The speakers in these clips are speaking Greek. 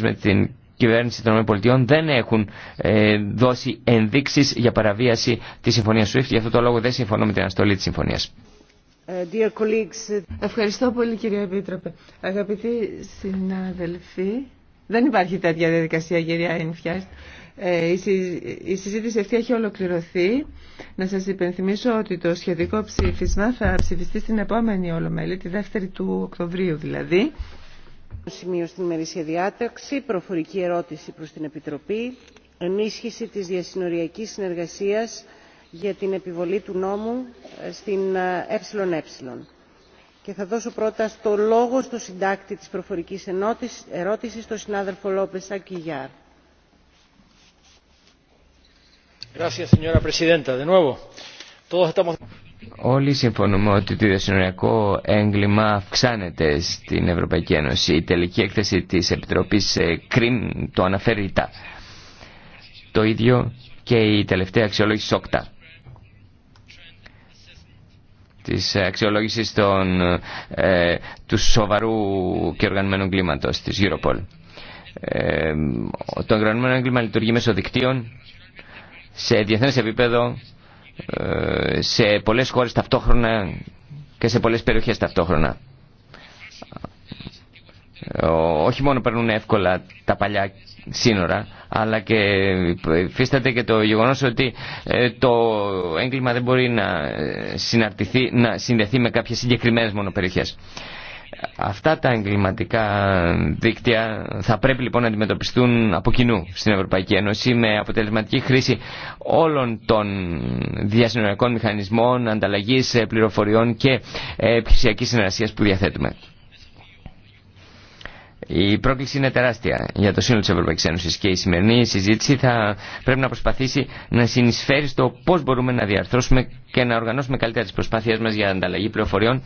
με την κυβέρνηση των ΗΠΑ δεν έχουν ε, δώσει ενδείξεις για παραβίαση της συμφωνίας SWIFT. Γι' αυτό το λόγο δεν συμφωνώ με την αναστολή της συμφωνίας. Ε, ε, Ευχαριστώ πολύ κύριε Επίτροπε. Αγαπητοί συναδελφοί, δεν υπάρχει τέτοια διαδικασία κυρία Ενφιάς. Ε, η, συζήτηση αυτή έχει ολοκληρωθεί. Να σας υπενθυμίσω ότι το σχετικό ψήφισμα θα ψηφιστεί στην επόμενη Ολομέλη, τη δεύτερη του Οκτωβρίου δηλαδή. Σημείο στην ημερήσια διάταξη, προφορική ερώτηση προς την Επιτροπή, ενίσχυση της διασυνοριακής συνεργασίας για την επιβολή του νόμου ε, στην ΕΕ. Και θα δώσω πρώτα στο λόγο στο συντάκτη της προφορικής ερώτησης, τον συνάδελφο Λόπες Ακυγιάρ. Gracias, señora presidenta. De nuevo, todos Όλοι συμφωνούμε ότι το ιδιοσυνοριακό έγκλημα αυξάνεται στην Ευρωπαϊκή Ένωση. Η τελική έκθεση της Επιτροπής ε, Κρίν το αναφέρει τα. Το ίδιο και η τελευταία αξιολόγηση ΣΟΚΤΑ της ε, αξιολόγησης των, ε, του σοβαρού και οργανωμένου κλίματος της Europol. το οργανωμένο έγκλημα λειτουργεί μέσω δικτύων σε διεθνές επίπεδο ε, σε πολλές χώρες ταυτόχρονα και σε πολλές περιοχές ταυτόχρονα. Ε, όχι μόνο παίρνουν εύκολα τα παλιά σύνορα, αλλά και υφίσταται και το γεγονός ότι ε, το έγκλημα δεν μπορεί να, να συνδεθεί με κάποιες συγκεκριμένες μόνο Αυτά τα εγκληματικά δίκτυα θα πρέπει λοιπόν να αντιμετωπιστούν από κοινού στην Ευρωπαϊκή Ένωση με αποτελεσματική χρήση όλων των διασυνοριακών μηχανισμών ανταλλαγής πληροφοριών και επιχειρησιακής συνεργασίας που διαθέτουμε. Η πρόκληση είναι τεράστια για το σύνολο της Ευρωπαϊκής Ένωσης και η σημερινή συζήτηση θα πρέπει να προσπαθήσει να συνεισφέρει στο πώς μπορούμε να διαρθρώσουμε και να οργανώσουμε καλύτερα τις προσπάθειές μας για ανταλλαγή πληροφοριών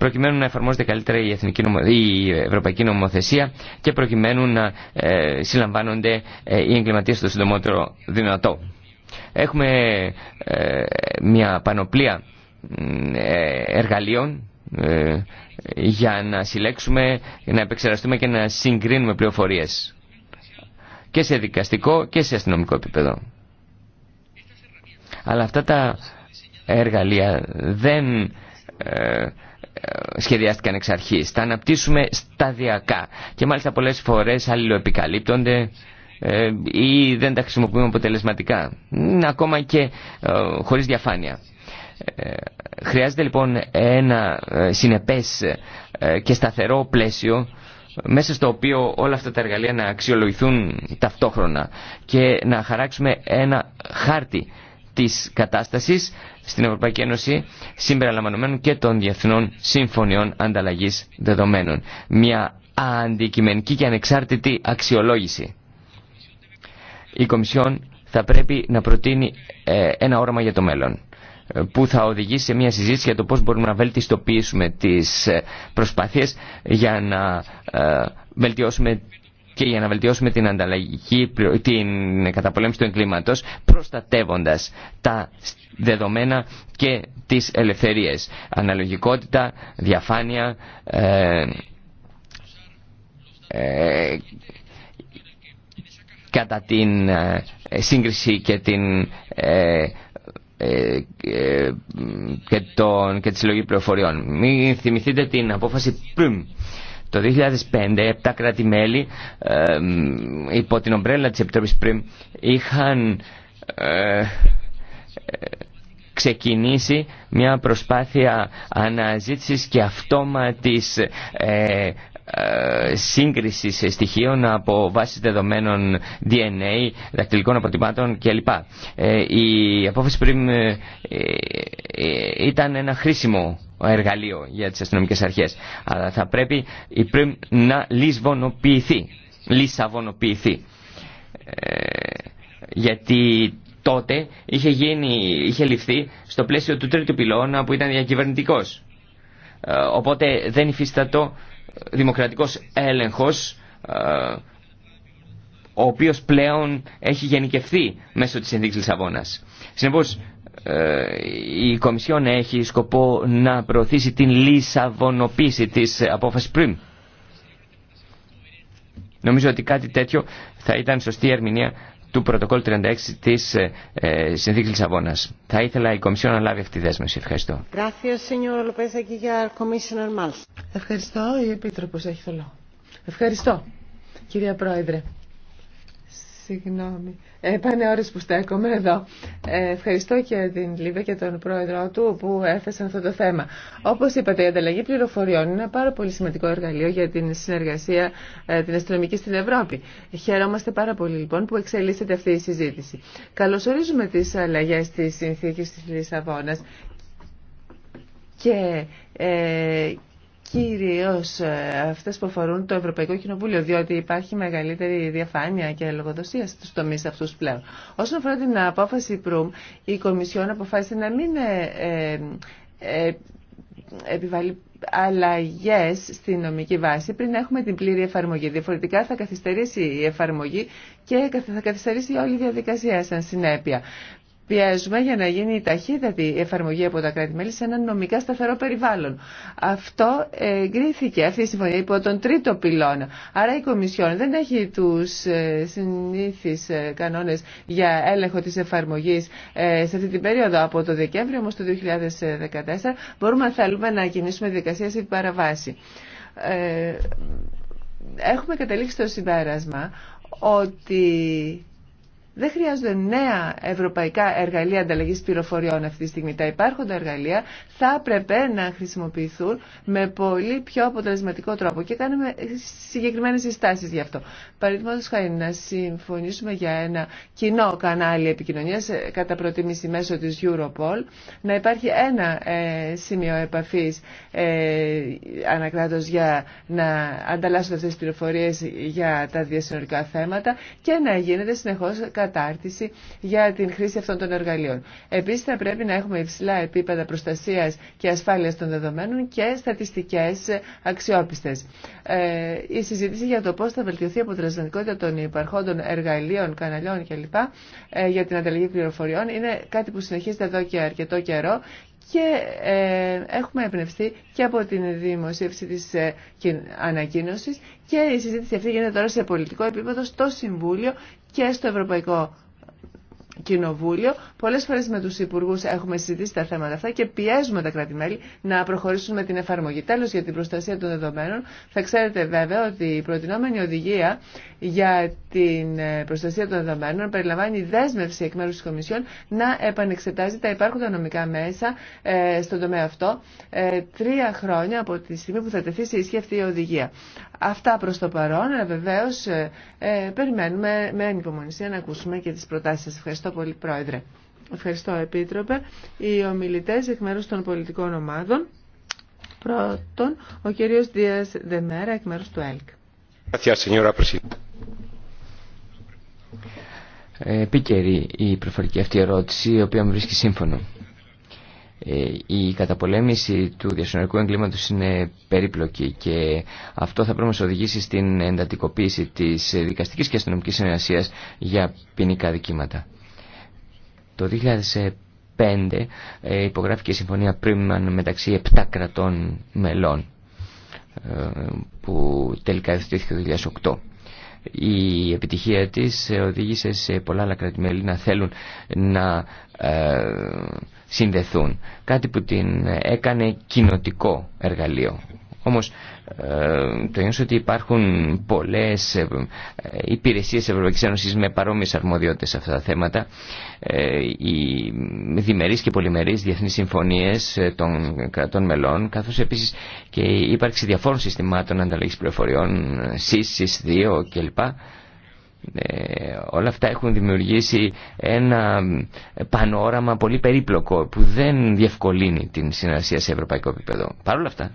προκειμένου να εφαρμόζεται καλύτερα η, ευρωπαϊκή νομοθεσία και προκειμένου να ε, συλλαμβάνονται ε, οι εγκληματίες το συντομότερο δυνατό. Έχουμε ε, μια πανοπλία ε, εργαλείων για να συλλέξουμε, να επεξεργαστούμε και να συγκρίνουμε πληροφορίες και σε δικαστικό και σε αστυνομικό επίπεδο. Αλλά αυτά τα εργαλεία δεν ε, σχεδιάστηκαν εξ αρχή, Τα αναπτύσσουμε σταδιακά και μάλιστα πολλές φορές αλληλοεπικαλύπτονται ε, ή δεν τα χρησιμοποιούμε αποτελεσματικά, ακόμα και ε, χωρίς διαφάνεια. Χρειάζεται λοιπόν ένα συνεπές και σταθερό πλαίσιο μέσα στο οποίο όλα αυτά τα εργαλεία να αξιολογηθούν ταυτόχρονα και να χαράξουμε ένα χάρτη της κατάστασης στην Ευρωπαϊκή Ένωση συμπεριλαμβανομένων και των διεθνών συμφωνιών ανταλλαγής δεδομένων. Μια αντικειμενική και ανεξάρτητη αξιολόγηση. Η Κομισιόν θα πρέπει να προτείνει ε, ένα όραμα για το μέλλον ε, που θα οδηγήσει σε μια συζήτηση για το πώς μπορούμε να βελτιστοποιήσουμε τις ε, προσπάθειες για να βελτιώσουμε και για να βελτιώσουμε την, ανταλλαγή, την καταπολέμηση του εγκλήματο, προστατεύοντας τα δεδομένα και τις ελευθερίες. Αναλογικότητα, διαφάνεια, ε, ε, κατά την ε, σύγκριση και την και, τον, και τη συλλογή πληροφοριών. Μην θυμηθείτε την απόφαση πριν το 2005, 7 κράτη-μέλη υπό την ομπρέλα της Επιτροπής ΠΡΙΜ είχαν ε, ξεκινήσει μια προσπάθεια αναζήτησης και αυτόματης ε, ε, σύγκρισης στοιχείων από βάσεις δεδομένων DNA, δακτυλικών αποτυπάτων κλπ. Ε, η απόφαση πριν ε, ήταν ένα χρήσιμο εργαλείο για τις αστυνομικές αρχές, αλλά θα πρέπει η πριν να λησβονοποιηθεί, λησαβονοποιηθεί. Γιατί τότε είχε, γίνει, είχε ληφθεί στο πλαίσιο του τρίτου πυλώνα που ήταν διακυβερνητικός. Οπότε δεν υφίστατο δημοκρατικός έλεγχος ε, ο οποίος πλέον έχει γενικευθεί μέσω της ενδείξης Λισαβόνας. Συνεπώς, ε, η Κομισιόν έχει σκοπό να προωθήσει την λισαβονοποίηση της απόφασης πριν. Νομίζω ότι κάτι τέτοιο θα ήταν σωστή ερμηνεία του πρωτοκόλλου 36 τη ε, ε, Συνθήκης Λισαβόνας. Θα ήθελα η Κομισιόν να λάβει αυτή τη δέσμευση. Ευχαριστώ. Ευχαριστώ. Η Επίτροπος έχει το λόγο. Ευχαριστώ, κυρία Πρόεδρε. Συγγνώμη. Ε, πάνε ώρες που στέκομαι εδώ. Ε, ευχαριστώ και την Λίβε και τον πρόεδρό του που έθεσαν αυτό το θέμα. Όπως είπατε, η ανταλλαγή πληροφοριών είναι ένα πάρα πολύ σημαντικό εργαλείο για την συνεργασία ε, την αστυνομική στην Ευρώπη. Χαιρόμαστε πάρα πολύ λοιπόν που εξελίσσεται αυτή η συζήτηση. Καλωσορίζουμε τις αλλαγές της συνθήκης της Λισαβόνας και ε, κυρίως ε, αυτές που αφορούν το Ευρωπαϊκό Κοινοβούλιο, διότι υπάρχει μεγαλύτερη διαφάνεια και λογοδοσία στους τομείς αυτούς πλέον. Όσον αφορά την απόφαση ΠΡΟΥΜ, η Κομισιόν αποφάσισε να μην ε, ε, επιβάλλει αλλαγέ στην νομική βάση πριν έχουμε την πλήρη εφαρμογή. Διαφορετικά θα καθυστερήσει η εφαρμογή και θα καθυστερήσει όλη η διαδικασία σαν συνέπεια πιέζουμε για να γίνει η ταχύτατη εφαρμογή από τα κράτη-μέλη σε ένα νομικά σταθερό περιβάλλον. Αυτό εγκρίθηκε αυτή η συμφωνία υπό τον τρίτο πυλώνα. Άρα η Κομισιόν δεν έχει τους ε, συνήθει ε, κανόνες για έλεγχο τη εφαρμογής ε, σε αυτή την περίοδο από το Δεκέμβριο όμω το 2014 μπορούμε να θέλουμε να κινήσουμε διαδικασία σε παραβάση. Έχουμε καταλήξει στο συμπέρασμα ότι δεν χρειάζονται νέα ευρωπαϊκά εργαλεία ανταλλαγή πληροφοριών αυτή τη στιγμή. Τα υπάρχοντα εργαλεία θα έπρεπε να χρησιμοποιηθούν με πολύ πιο αποτελεσματικό τρόπο και κάνουμε συγκεκριμένε συστάσει γι' αυτό. Παραδείγματο χάρη να συμφωνήσουμε για ένα κοινό κανάλι επικοινωνία, ε, κατά προτίμηση μέσω τη Europol, να υπάρχει ένα ε, σημείο επαφή ε, ανακράτω για να ανταλλάσσονται αυτέ τι πληροφορίε για τα διασυνορικά θέματα και να γίνεται συνεχώ κατάρτιση για την χρήση αυτών των εργαλείων. Επίσης θα πρέπει να έχουμε υψηλά επίπεδα προστασίας και ασφάλειας των δεδομένων και στατιστικές αξιόπιστες. Ε, η συζήτηση για το πώς θα βελτιωθεί η αποτελεσματικότητα των υπαρχόντων εργαλείων, καναλιών κλπ. Ε, για την ανταλλαγή πληροφοριών είναι κάτι που συνεχίζεται εδώ και αρκετό καιρό και ε, έχουμε εμπνευστεί και από την δημοσίευση της ε, ανακοίνωσης και η συζήτηση αυτή γίνεται τώρα σε πολιτικό επίπεδο στο Συμβούλιο και στο Ευρωπαϊκό Κοινοβούλιο. Πολλέ φορέ με του υπουργού έχουμε συζητήσει τα θέματα αυτά και πιέζουμε τα κράτη-μέλη να προχωρήσουν με την εφαρμογή. Τέλο, για την προστασία των δεδομένων, θα ξέρετε βέβαια ότι η προτινόμενη οδηγία για την ε, προστασία των δεδομένων περιλαμβάνει δέσμευση εκ μέρου τη Κομισιόν να επανεξετάζει τα υπάρχοντα νομικά μέσα ε, στον τομέα αυτό ε, τρία χρόνια από τη στιγμή που θα τεθεί σε ισχύ αυτή η οδηγία. Αυτά προ το παρόν, αλλά βεβαίω περιμένουμε με ανυπομονησία να ακούσουμε και τι προτάσει σα. Ευχαριστώ πολύ πολύ, Πρόεδρε. Ευχαριστώ, Επίτροπε. Οι ομιλητές εκ μέρους των πολιτικών ομάδων. Πρώτον, ο κύριος Δίας Δεμέρα εκ μέρους του ΕΛΚ. Ε, επίκαιρη η προφορική αυτή ερώτηση, η οποία μου βρίσκει σύμφωνο. Ε, η καταπολέμηση του διασυνορικού εγκλήματος είναι περίπλοκη και αυτό θα πρέπει να μας οδηγήσει στην εντατικοποίηση της δικαστικής και αστυνομικής συνεργασίας για ποινικά δικήματα. Το 2005 ε, υπογράφηκε η συμφωνία Πρίμαν μεταξύ 7 κρατών μελών ε, που τελικά ευθύθηκε το 2008. Η επιτυχία της ε, οδήγησε σε πολλά άλλα κρατημέλη να θέλουν να συνδεθούν. Κάτι που την έκανε κοινοτικό εργαλείο όμως ε, το γεγονός ότι υπάρχουν πολλές ε, υπηρεσίες Ευρωπαϊκής Ένωσης με παρόμοιες αρμοδιότητες σε αυτά τα θέματα, ε, οι διμερείς και πολυμερείς διεθνείς συμφωνίες των κρατών μελών, καθώς επίσης και η ύπαρξη διαφόρων συστημάτων ανταλλαγής πληροφοριών, ΣΥΣ, συς 2 κλπ. Ε, όλα αυτά έχουν δημιουργήσει ένα πανόραμα πολύ περίπλοκο που δεν διευκολύνει την συνεργασία σε ευρωπαϊκό επίπεδο. Παρ' όλα αυτά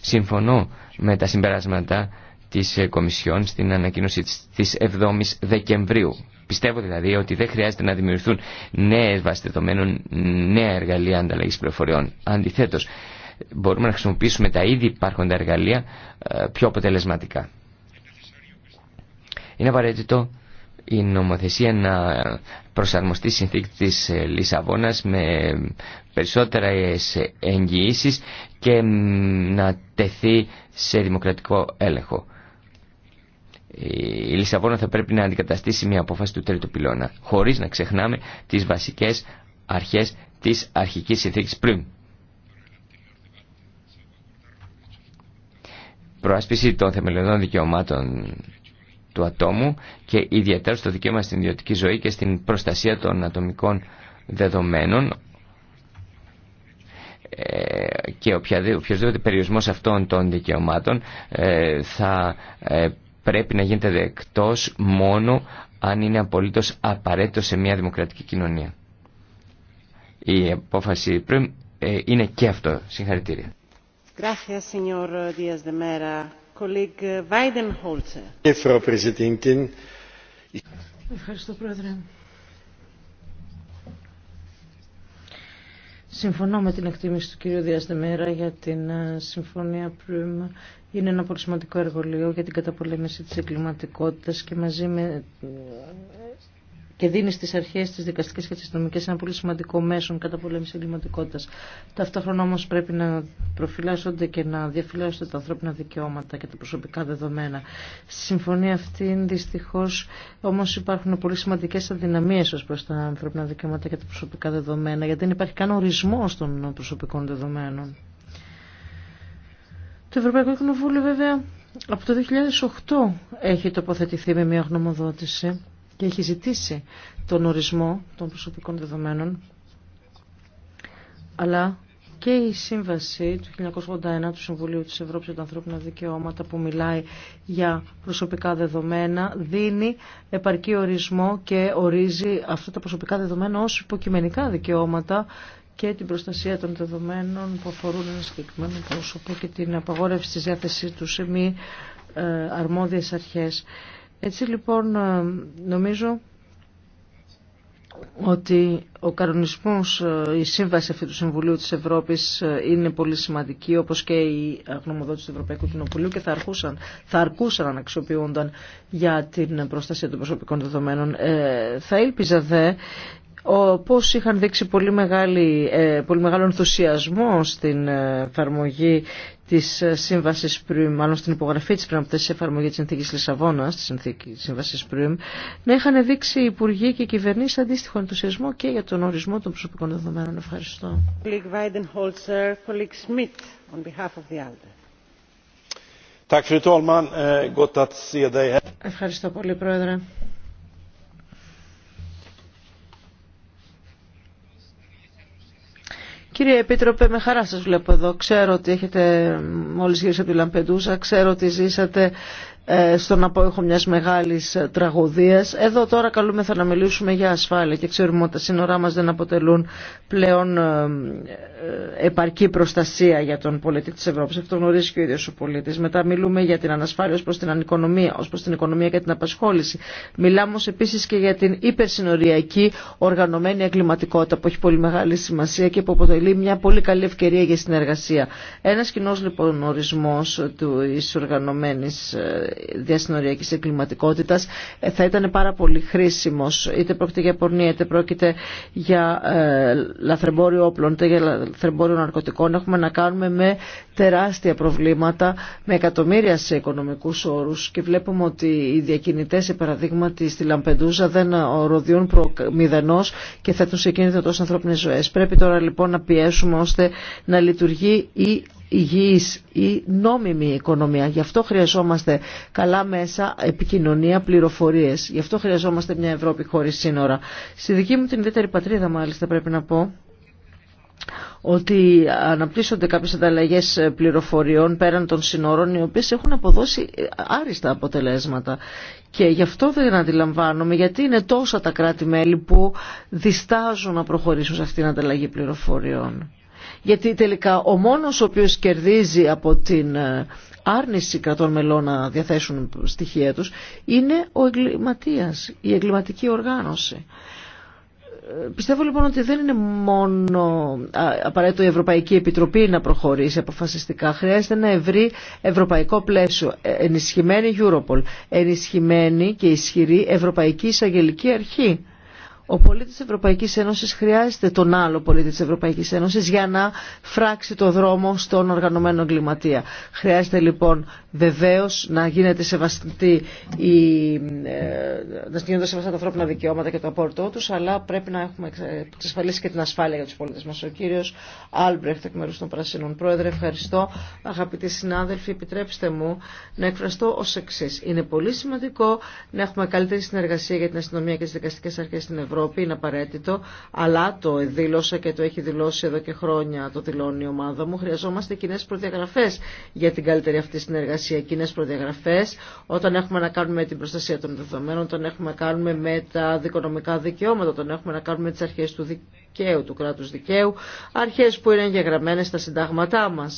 Συμφωνώ με τα συμπεράσματα της ε, Κομισιόν στην ανακοίνωση της 7ης Δεκεμβρίου. Πιστεύω δηλαδή ότι δεν χρειάζεται να δημιουργηθούν νέες βάσεις νέα εργαλεία ανταλλαγής πληροφοριών. Αντιθέτως, μπορούμε να χρησιμοποιήσουμε τα ήδη υπάρχοντα εργαλεία ε, πιο αποτελεσματικά. Είναι απαραίτητο η νομοθεσία να προσαρμοστεί συνθήκη της ε, Λισαβόνας με περισσότερες εγγυήσεις και να τεθεί σε δημοκρατικό έλεγχο. Η Λισαβόνα θα πρέπει να αντικαταστήσει μια απόφαση του τρίτου πυλώνα, χωρίς να ξεχνάμε τις βασικές αρχές της αρχικής συνθήκης πριν. Προάσπιση των θεμελιωδών δικαιωμάτων του ατόμου και ιδιαίτερα στο δικαίωμα στην ιδιωτική ζωή και στην προστασία των ατομικών δεδομένων ε, και οποιοδήποτε περιορισμός αυτών των δικαιωμάτων ε, θα ε, πρέπει να γίνεται δεκτός μόνο αν είναι απολύτως απαραίτητο σε μια δημοκρατική κοινωνία. Η απόφαση πριν είναι και αυτό. Συγχαρητήρια. Gracias, señor Díaz frau präsidentin! Συμφωνώ με την εκτίμηση του κ. Διαστεμέρα για την ε, Συμφωνία Προυμ. Είναι ένα πολύ σημαντικό εργαλείο για την καταπολέμηση της εγκληματικότητας και μαζί με ε, και δίνει στι αρχέ στι δικαστικέ και τι αστυνομικέ ένα πολύ σημαντικό μέσο κατά πολέμη εγκληματικότητα. Ταυτόχρονα όμω πρέπει να προφυλάσσονται και να διαφυλάσσονται τα ανθρώπινα δικαιώματα και τα προσωπικά δεδομένα. Στη συμφωνία αυτή δυστυχώ όμω υπάρχουν πολύ σημαντικέ αδυναμίε ω προ τα ανθρώπινα δικαιώματα και τα προσωπικά δεδομένα γιατί δεν υπάρχει καν ορισμό των προσωπικών δεδομένων. Το Ευρωπαϊκό Κοινοβούλιο βέβαια από το 2008 έχει τοποθετηθεί με μια γνωμοδότηση και έχει ζητήσει τον ορισμό των προσωπικών δεδομένων, αλλά και η σύμβαση του 1981 του Συμβουλίου της Ευρώπης για τα ανθρώπινα δικαιώματα που μιλάει για προσωπικά δεδομένα δίνει επαρκή ορισμό και ορίζει αυτά τα προσωπικά δεδομένα ως υποκειμενικά δικαιώματα και την προστασία των δεδομένων που αφορούν ένα συγκεκριμένο πρόσωπο και την απαγόρευση της διάθεσή του σε μη ε, αρμόδιες αρχές. Έτσι λοιπόν ε, νομίζω ότι ο κανονισμός, ε, η σύμβαση αυτή του Συμβουλίου της Ευρώπης ε, είναι πολύ σημαντική όπως και η γνωμοδότηση του Ευρωπαϊκού Κοινοβουλίου και θα, αρκούσαν, να αξιοποιούνταν για την προστασία των προσωπικών δεδομένων. θα ήλπιζα δε πώς είχαν δείξει πολύ, μεγάλη, ε, πολύ μεγάλο ενθουσιασμό στην ε, εφαρμογή της ε, σύμβασης Πριμ, μάλλον στην υπογραφή της πριν από τέσσερις εφαρμογή της συνθήκης Λισαβόνα της συνθήκης σύμβασης Πριμ, να είχαν δείξει οι υπουργοί και οι κυβερνήσεις αντίστοιχο ενθουσιασμό και για τον ορισμό των προσωπικών δεδομένων. Ευχαριστώ. Eh, Ευχαριστώ πολύ, Πρόεδρε. Κύριε Επίτροπε, με χαρά σας βλέπω εδώ. Ξέρω ότι έχετε μόλις γύρισε από τη Λαμπεντούσα, ξέρω ότι ζήσατε ε, στον απόϊχο μιας μεγάλης ε, τραγωδίας. Εδώ τώρα καλούμεθα να μιλήσουμε για ασφάλεια και ξέρουμε ότι τα σύνορά μας δεν αποτελούν πλέον ε, επαρκή προστασία για τον πολίτη της Ευρώπης. Αυτό γνωρίζει και ο ίδιος ο πολίτης. Μετά μιλούμε για την ανασφάλεια ως προς την οικονομία, ως προς την οικονομία και την απασχόληση. Μιλάμε όμως επίσης και για την υπερσυνοριακή οργανωμένη εγκληματικότητα που έχει πολύ μεγάλη σημασία και που αποτελεί μια πολύ καλή ευκαιρία για συνεργασία. Ένας κοινό λοιπόν ορισμός της οργανωμένης διασυνοριακή εγκληματικότητα ε, θα ήταν πάρα πολύ χρήσιμο. είτε πρόκειται για πορνεία είτε πρόκειται για ε, λαθρεμπόριο όπλων είτε για λαθρεμπόριο ναρκωτικών έχουμε να κάνουμε με τεράστια προβλήματα με εκατομμύρια σε οικονομικού όρου και βλέπουμε ότι οι διακινητέ, σε παραδείγμα στη Λαμπεντούζα δεν οροδιούν προ και θέτουν σε κίνδυνο τόσε ανθρώπινε ζωέ. Πρέπει τώρα λοιπόν να πιέσουμε ώστε να λειτουργεί η υγιής ή νόμιμη οικονομία. Γι' αυτό χρειαζόμαστε καλά μέσα, επικοινωνία, πληροφορίες. Γι' αυτό χρειαζόμαστε μια Ευρώπη χωρίς σύνορα. Στη δική μου την ιδιαίτερη πατρίδα μάλιστα πρέπει να πω ότι αναπτύσσονται κάποιες ανταλλαγές πληροφοριών πέραν των συνόρων οι οποίες έχουν αποδώσει άριστα αποτελέσματα. Και γι' αυτό δεν αντιλαμβάνομαι γιατί είναι τόσα τα κράτη-μέλη που διστάζουν να προχωρήσουν σε αυτήν την ανταλλαγή πληροφοριών γιατί τελικά ο μόνος ο οποίος κερδίζει από την ε, άρνηση κρατών μελών να διαθέσουν στοιχεία τους είναι ο εγκληματίας, η εγκληματική οργάνωση. Ε, πιστεύω λοιπόν ότι δεν είναι μόνο απαραίτητο η Ευρωπαϊκή Επιτροπή να προχωρήσει αποφασιστικά. Χρειάζεται ένα ευρύ ευρωπαϊκό πλαίσιο, ε, ενισχυμένη Europol, ενισχυμένη και ισχυρή Ευρωπαϊκή Εισαγγελική Αρχή ο πολίτης της Ευρωπαϊκής Ένωσης χρειάζεται τον άλλο πολίτη της Ευρωπαϊκής Ένωσης για να φράξει το δρόμο στον οργανωμένο εγκληματία. Χρειάζεται λοιπόν βεβαίως να γίνεται σεβαστή η, ε, να γίνονται σεβαστά τα ανθρώπινα δικαιώματα και το απόρριτό του, αλλά πρέπει να έχουμε εξασφαλίσει και την ασφάλεια για τους πολίτες μας. Ο κύριος Άλμπρεχτ εκ μέρους των Πρασίνων. Πρόεδρε, ευχαριστώ. Αγαπητοί συνάδελφοι, επιτρέψτε μου να εκφραστώ ως εξή. Είναι πολύ σημαντικό να έχουμε καλύτερη συνεργασία για την αστυνομία και τις δικαστικές αρχές στην Ευρώπη Ευρώπη, είναι απαραίτητο, αλλά το δήλωσε και το έχει δηλώσει εδώ και χρόνια, το δηλώνει η ομάδα μου. Χρειαζόμαστε κοινέ προδιαγραφέ για την καλύτερη αυτή συνεργασία. Κοινέ προδιαγραφέ όταν έχουμε να κάνουμε την προστασία των δεδομένων, όταν έχουμε να κάνουμε με τα δικονομικά δικαιώματα, όταν έχουμε να κάνουμε τι αρχέ του δικαίου, του κράτου δικαίου, αρχέ που είναι εγγεγραμμένε στα συντάγματά μα.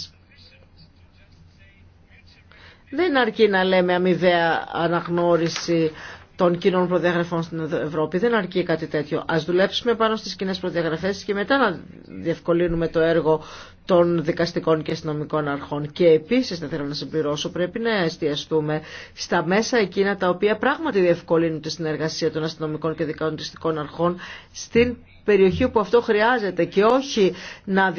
Δεν αρκεί να λέμε αμοιβαία αναγνώριση των κοινών προδιαγραφών στην Ευρώπη. Δεν αρκεί κάτι τέτοιο. Α δουλέψουμε πάνω στι κοινέ προδιαγραφέ και μετά να διευκολύνουμε το έργο των δικαστικών και αστυνομικών αρχών. Και επίση, δεν θέλω να συμπληρώσω, πρέπει να εστιαστούμε στα μέσα εκείνα τα οποία πράγματι διευκολύνουν τη συνεργασία των αστυνομικών και δικαστικών αρχών στην περιοχή που αυτό χρειάζεται και όχι να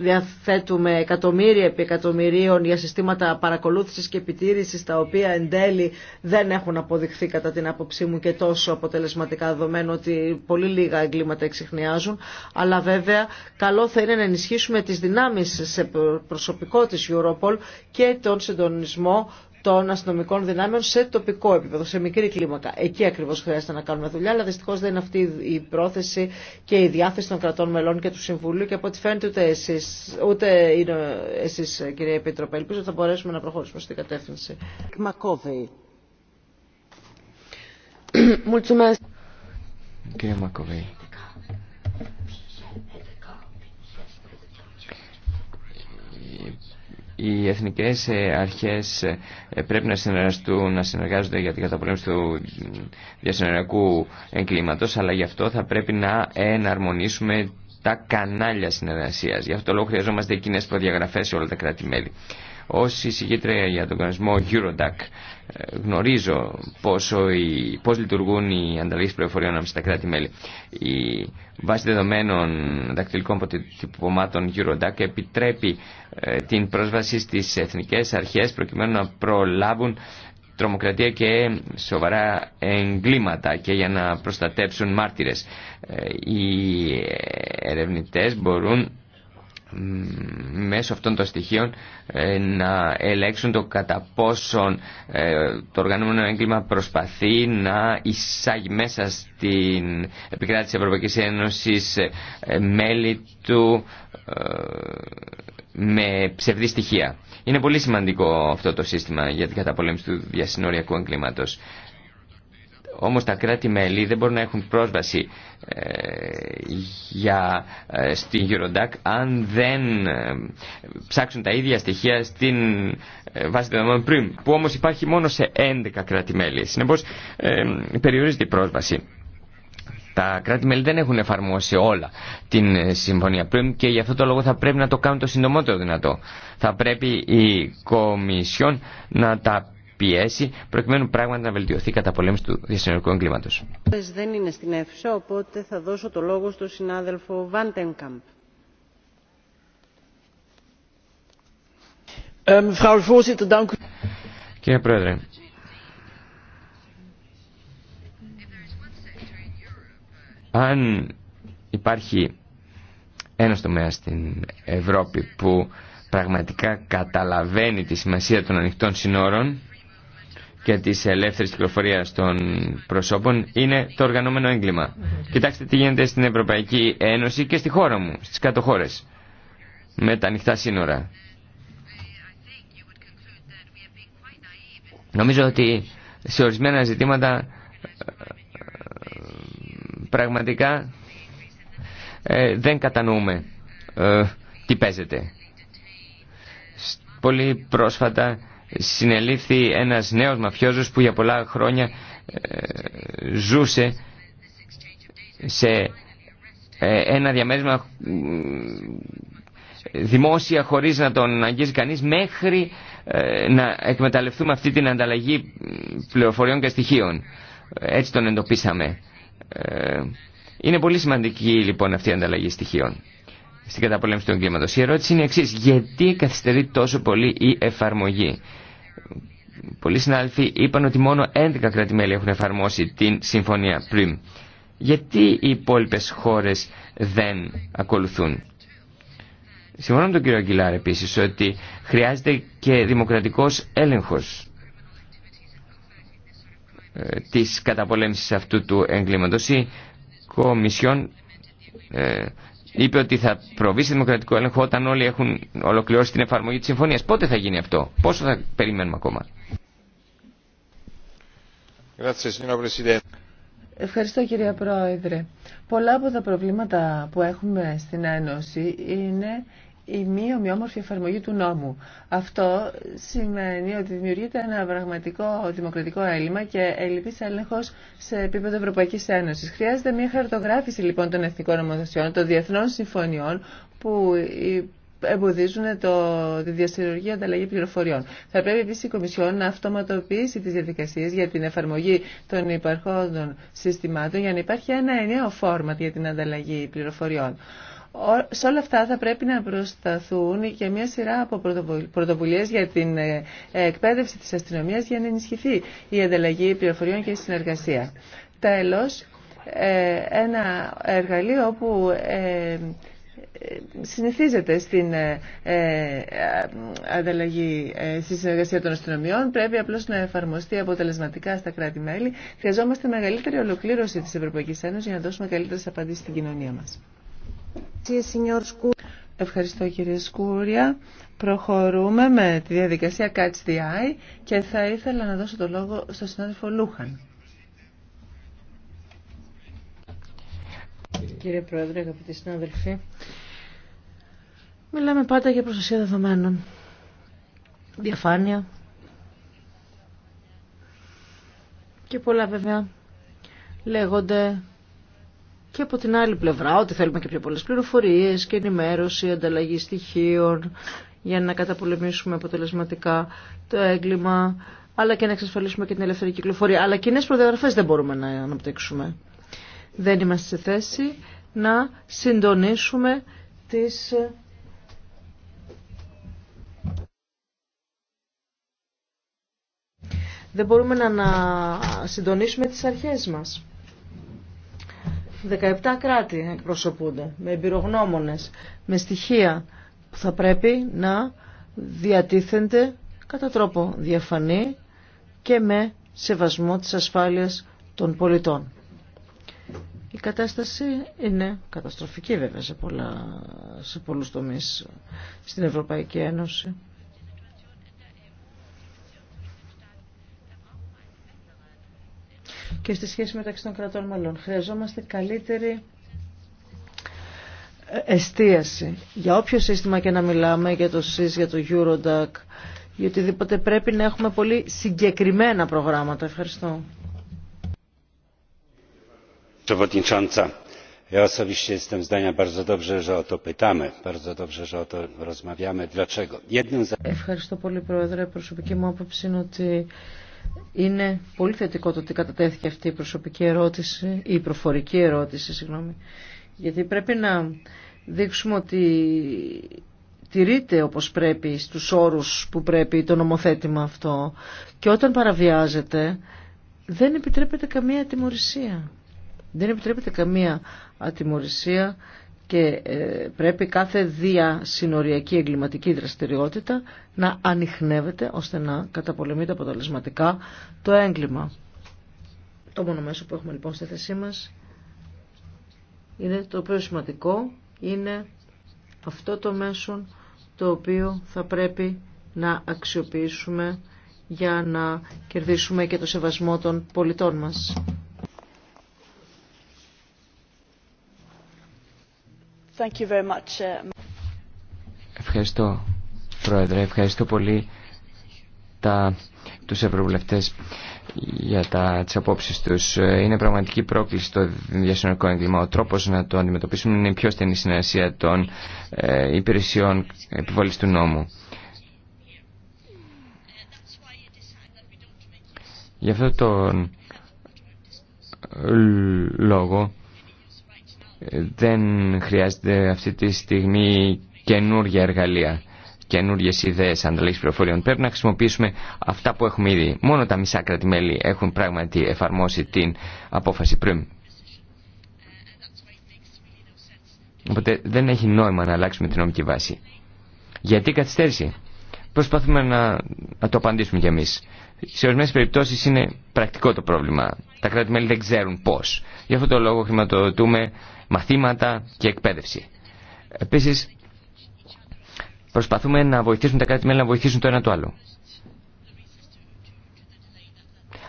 διαθέτουμε εκατομμύρια επί εκατομμυρίων για συστήματα παρακολούθησης και επιτήρησης τα οποία εν τέλει δεν έχουν αποδειχθεί κατά την άποψή μου και τόσο αποτελεσματικά δεδομένου ότι πολύ λίγα εγκλήματα εξηχνιάζουν αλλά βέβαια καλό θα είναι να ενισχύσουμε τις δυνάμεις σε προσωπικό της Europol και τον συντονισμό των αστυνομικών δυνάμεων σε τοπικό επίπεδο, σε μικρή κλίμακα. Εκεί ακριβώ χρειάζεται να κάνουμε δουλειά, αλλά δυστυχώ δεν είναι αυτή η πρόθεση και η διάθεση των κρατών μελών και του Συμβουλίου και από ό,τι φαίνεται ούτε εσεί, ούτε εσεί, κυρία Επίτροπε. Ελπίζω ότι θα μπορέσουμε να προχωρήσουμε στην κατεύθυνση. Κύριε Οι εθνικές ε, αρχές ε, πρέπει να συνεργαστούν, να συνεργάζονται για την καταπολέμηση του διασυνοριακού εγκλήματος, αλλά γι' αυτό θα πρέπει να εναρμονίσουμε τα κανάλια συνεργασίας. Γι' αυτό λόγο χρειαζόμαστε κοινέ προδιαγραφές σε όλα τα κράτη-μέλη. Ως εισηγήτρια για τον κανονισμό Eurodac ε, γνωρίζω πόσο οι, πώς λειτουργούν οι ανταλλαγές πληροφοριών ανάμεσα στα κράτη-μέλη. Η βάση δεδομένων δακτυλικών αποτυπωμάτων Eurodac επιτρέπει ε, την πρόσβαση στις εθνικές αρχές προκειμένου να προλάβουν τρομοκρατία και σοβαρά εγκλήματα και για να προστατέψουν μάρτυρες. Ε, οι ερευνητές μπορούν μέσω αυτών των στοιχείων ε, να ελέγξουν το κατά πόσον ε, το οργανωμένο έγκλημα προσπαθεί να εισάγει μέσα στην επικράτηση της Ευρωπαϊκής Ένωσης ε, μέλη του με ψευδή στοιχεία. Είναι πολύ σημαντικό αυτό το σύστημα για την καταπολέμηση του διασυνοριακού εγκλήματος. Όμως τα κράτη-μέλη δεν μπορούν να έχουν πρόσβαση ε, για, ε, στην Eurodac αν δεν ε, ψάξουν τα ίδια στοιχεία στην βάση δεδομένων πριν, που όμως υπάρχει μόνο σε 11 κράτη-μέλη. Συνεπώς περιορίζεται η πρόσβαση. Τα κράτη-μέλη δεν έχουν εφαρμόσει όλα την συμφωνία πριν και γι' αυτό το λόγο θα πρέπει να το κάνουν το συντομότερο δυνατό. Θα πρέπει η Κομισιόν να τα πιέσει προκειμένου πράγματι να βελτιωθεί η καταπολέμηση του διασυνορικού εγκλήματο. Δεν είναι στην αίθουσα, οπότε θα δώσω το λόγο στον συνάδελφο Βάντενκαμπ. Κύριε Πρόεδρε, αν υπάρχει ένας τομέας στην Ευρώπη που πραγματικά καταλαβαίνει τη σημασία των ανοιχτών συνόρων και τη ελεύθερη κυκλοφορία των προσώπων είναι το οργανωμένο έγκλημα. Κοιτάξτε τι γίνεται στην Ευρωπαϊκή Ένωση και στη χώρα μου, στις κάτω χώρες, με τα ανοιχτά σύνορα. Νομίζω ότι σε ορισμένα ζητήματα ε, πραγματικά ε, δεν κατανοούμε ε, τι παίζεται. Πολύ πρόσφατα συνελήφθη ένας νέος μαφιόζος που για πολλά χρόνια ε, ζούσε σε ε, ένα διαμέρισμα δημόσια χωρίς να τον αγγίζει κανείς μέχρι ε, να εκμεταλλευτούμε αυτή την ανταλλαγή πληροφοριών και στοιχείων. Έτσι τον εντοπίσαμε. Είναι πολύ σημαντική λοιπόν αυτή η ανταλλαγή στοιχείων στην καταπολέμηση του εγκλήματος. Η ερώτηση είναι εξής. Γιατί καθυστερεί τόσο πολύ η εφαρμογή πολλοί συνάδελφοι είπαν ότι μόνο 11 κράτη-μέλη έχουν εφαρμόσει την συμφωνία πριν. Γιατί οι υπόλοιπε χώρε δεν ακολουθούν. Συμφωνώ με τον κύριο Αγγιλάρ επίση ότι χρειάζεται και δημοκρατικό έλεγχο ε, της καταπολέμησης αυτού του εγκληματο. Η Κομισιόν ε, είπε ότι θα προβεί σε δημοκρατικό έλεγχο όταν όλοι έχουν ολοκληρώσει την εφαρμογή της συμφωνίας. Πότε θα γίνει αυτό, πόσο θα περιμένουμε ακόμα. Ευχαριστώ κύριε Πρόεδρε. Πολλά από τα προβλήματα που έχουμε στην Ένωση είναι η μη ομοιόμορφη εφαρμογή του νόμου. Αυτό σημαίνει ότι δημιουργείται ένα πραγματικό δημοκρατικό έλλειμμα και ελλειπή έλεγχο σε επίπεδο Ευρωπαϊκή Ένωση. Χρειάζεται μια χαρτογράφηση λοιπόν των εθνικών νομοθεσιών, των διεθνών συμφωνιών που εμποδίζουν το, τη διασυλλογική ανταλλαγή πληροφοριών. Θα πρέπει επίση η Κομισιόν να αυτοματοποιήσει τι διαδικασίε για την εφαρμογή των υπαρχόντων συστημάτων για να υπάρχει ένα ενιαίο φόρμα για την ανταλλαγή πληροφοριών. Σε όλα αυτά θα πρέπει να προσταθούν και μια σειρά από πρωτοβουλίες για την ε, εκπαίδευση της αστυνομίας για να ενισχυθεί η ανταλλαγή πληροφοριών και η συνεργασία. Τέλος, ε, ένα εργαλείο που ε, συνηθίζεται στην ανταλλαγή, στη συνεργασία των αστυνομιών. Πρέπει απλώς να εφαρμοστεί αποτελεσματικά στα κράτη-μέλη. Χρειαζόμαστε μεγαλύτερη ολοκλήρωση της Ευρωπαϊκής Ένωσης για να δώσουμε καλύτερες απαντήσεις στην κοινωνία μας. Ευχαριστώ κύριε Σκούρια. Προχωρούμε με τη διαδικασία Catch the Eye και θα ήθελα να δώσω το λόγο στον συνάδελφο Λούχαν. Κύριε Πρόεδρε, αγαπητοί συνάδελφοι, μιλάμε πάντα για προστασία δεδομένων. Διαφάνεια και πολλά βέβαια λέγονται και από την άλλη πλευρά ότι θέλουμε και πιο πολλέ πληροφορίε και ενημέρωση, ανταλλαγή στοιχείων για να καταπολεμήσουμε αποτελεσματικά το έγκλημα αλλά και να εξασφαλίσουμε και την ελεύθερη κυκλοφορία. Αλλά κοινέ προδιαγραφές δεν μπορούμε να αναπτύξουμε. Δεν είμαστε σε θέση να συντονίσουμε τις ε, δεν μπορούμε να συντονίσουμε τις αρχές μας. 17 κράτη εκπροσωπούνται με εμπειρογνώμονες, με στοιχεία που θα πρέπει να διατίθενται κατά τρόπο διαφανή και με σεβασμό της ασφάλειας των πολιτών. Η κατάσταση είναι καταστροφική βέβαια σε, πολλά, σε πολλούς τομείς στην Ευρωπαϊκή Ένωση. και στη σχέση μεταξύ των κρατών μελών. Χρειαζόμαστε καλύτερη εστίαση. Για όποιο σύστημα και να μιλάμε, για το ΣΥΣ, για το Eurodac, για οτιδήποτε πρέπει να έχουμε πολύ συγκεκριμένα προγράμματα. Ευχαριστώ. ja osobiście jestem zdania bardzo dobrze, że o to pytamy, bardzo dobrze, że o to rozmawiamy. Dlaczego? Jednym z... Ευχαριστώ πολύ, Πρόεδρε. Προσωπική μου άποψη είναι ότι είναι πολύ θετικό το ότι κατατέθηκε αυτή η προσωπική ερώτηση, η προφορική ερώτηση, συγγνώμη, γιατί πρέπει να δείξουμε ότι τηρείται όπως πρέπει στους όρους που πρέπει το νομοθέτημα αυτό και όταν παραβιάζεται δεν επιτρέπεται καμία ατιμορρησία. Δεν επιτρέπεται καμία ατιμορρησία και ε, πρέπει κάθε διασυνοριακή εγκληματική δραστηριότητα να ανοιχνεύεται ώστε να καταπολεμείται αποτελεσματικά το έγκλημα. Το μόνο μέσο που έχουμε λοιπόν στη θέσή μας είναι το πιο σημαντικό, είναι αυτό το μέσο το οποίο θα πρέπει να αξιοποιήσουμε για να κερδίσουμε και το σεβασμό των πολιτών μας. Uh, Ευχαριστώ, Πρόεδρε. Ευχαριστώ πολύ τα, τους ευρωβουλευτές για τα, τις απόψεις τους. Ε, είναι πραγματική πρόκληση το διασυνορικό έγκλημα. Ο τρόπος να το αντιμετωπίσουμε είναι η πιο στενή συνεργασία των ε, υπηρεσιών επιβολής του νόμου. Γι' αυτό τον ε, λόγο ε, δεν χρειάζεται αυτή τη στιγμή καινούργια εργαλεία, καινούργιες ιδέες ανταλλαγής πληροφοριών. Πρέπει να χρησιμοποιήσουμε αυτά που έχουμε ήδη. Μόνο τα μισά μέλη έχουν πράγματι εφαρμόσει την απόφαση πριν. Οπότε δεν έχει νόημα να αλλάξουμε την νομική βάση. Γιατί καθυστέρηση. Προσπαθούμε να, να το απαντήσουμε κι εμεί. Σε ορισμένε περιπτώσει είναι πρακτικό το πρόβλημα. Τα κράτη-μέλη δεν ξέρουν πώ. Γι' αυτό το λόγο χρηματοδοτούμε μαθήματα και εκπαίδευση. Επίση, προσπαθούμε να βοηθήσουμε τα κράτη-μέλη να βοηθήσουν το ένα το άλλο.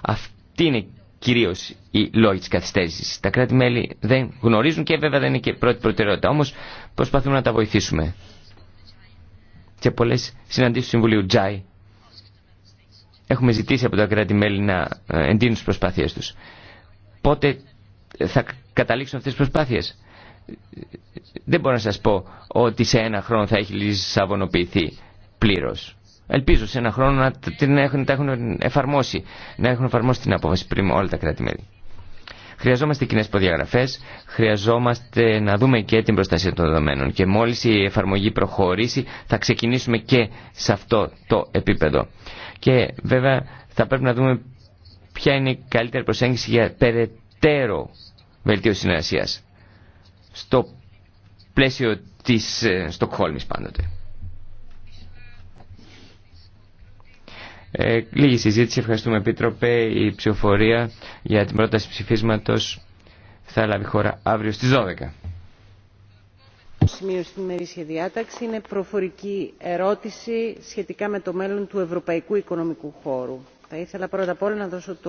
Αυτή είναι κυρίω η λόγη τη καθυστέρηση. Τα κράτη-μέλη δεν γνωρίζουν και βέβαια δεν είναι και πρώτη προτεραιότητα. Όμω προσπαθούμε να τα βοηθήσουμε και πολλέ συναντήσει του Συμβουλίου Τζάι. Έχουμε ζητήσει από τα κράτη-μέλη να ε, εντείνουν τις προσπάθειές τους. Πότε θα καταλήξουν αυτές τι προσπάθειες. Δεν μπορώ να σας πω ότι σε ένα χρόνο θα έχει λησαβονοποιηθεί πλήρως. Ελπίζω σε ένα χρόνο να την έχουν, έχουν εφαρμόσει, να έχουν εφαρμόσει την απόφαση πριν όλα τα κράτη-μέλη. Χρειαζόμαστε κοινέ προδιαγραφέ, χρειαζόμαστε να δούμε και την προστασία των δεδομένων. Και μόλι η εφαρμογή προχωρήσει, θα ξεκινήσουμε και σε αυτό το επίπεδο. Και βέβαια θα πρέπει να δούμε ποια είναι η καλύτερη προσέγγιση για περαιτέρω βελτίωση συνεργασία. Στο πλαίσιο της ε, Στοκχόλμης πάντοτε. Ε, λίγη συζήτηση, ευχαριστούμε Επίτροπε. Η ψηφοφορία για την πρόταση ψηφίσματος θα λάβει χώρα αύριο στις 12. Σημείο στην ημερήσια διάταξη είναι προφορική ερώτηση σχετικά με το μέλλον του Ευρωπαϊκού Οικονομικού Χώρου. Θα ήθελα πρώτα απ' όλα να δώσω το